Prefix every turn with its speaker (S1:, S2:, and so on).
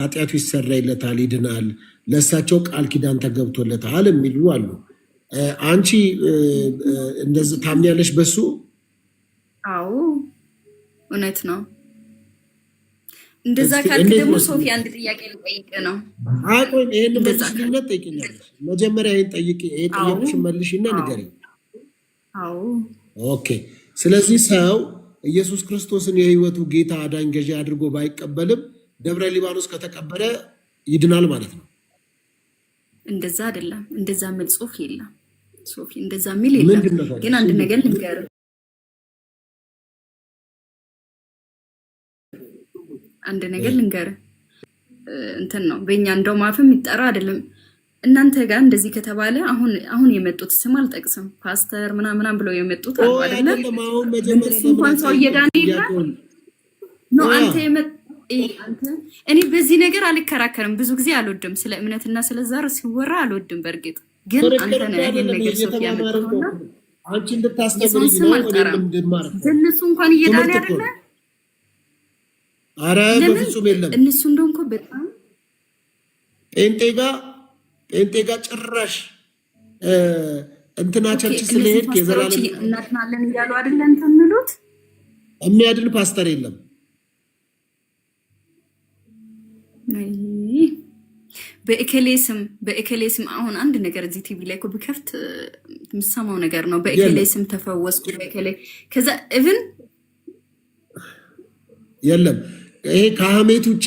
S1: ኃጢአቱ ይሰረይለታል፣ ይድናል፣ ለእሳቸው ቃል ኪዳን ተገብቶለታል የሚሉ አሉ። አንቺ እንደዚህ ታምኛለሽ በሱ?
S2: አዎ እውነት ነው። እንደዛ ካልክ ደግሞ ሶፊ አንድ ጥያቄ ልጠይቅ ነው።
S1: አቆይ ይህን መልሽና ጠይቅኛለሽ። መጀመሪያ ይህን ጠይቅ፣ ይህ ጥያቄሽ ጠየቅሽ መልሽና ንገሪኝ። ኦኬ። ስለዚህ ሰው ኢየሱስ ክርስቶስን የህይወቱ ጌታ አዳኝ ገዢ አድርጎ ባይቀበልም ደብረ ሊባኖስ ከተቀበለ ይድናል ማለት ነው።
S2: እንደዛ አይደለም። እንደዛ የሚል ጽሁፍ የለም። ሶፊ እንደዛ የሚል የለም። ግን አንድ ነገር ልንገር፣ አንድ ነገር ልንገር፣ እንትን ነው በእኛ እንደው ማፍም የሚጠራ አይደለም። እናንተ ጋር እንደዚህ ከተባለ አሁን አሁን የመጡት ስም አልጠቅስም ፓስተር ምናምናም ብለው የመጡት አሉ አይደለም። እንኳን ሰው እየዳነ የለም ነው አንተ እኔ በዚህ ነገር አልከራከርም። ብዙ ጊዜ አልወድም፣ ስለ እምነትና ስለ ዘር ሲወራ አልወድም። በእርግጥ ግን እነሱ እንኳን እየጣን ያደለ
S1: አረ በፍጹም የለም።
S2: እነሱ እንደውም እኮ በጣም
S1: ጴንጤ ጋ ጴንጤ ጋ ጭራሽ እንትናቻችን ስለሄድክ የዘላለም
S2: እናድናለን እያሉ አይደለ እንትን የሚሉት
S1: የሚያድን ፓስተር የለም።
S2: በእከሌ ስም በእከሌ ስም አሁን አንድ ነገር እዚህ ቲቪ ላይ ብከፍት የምሰማው ነገር ነው። በእከሌ ስም ተፈወስኩ በእከሌ ከዛ እብን
S1: የለም ይሄ ከሀሜት ውጭ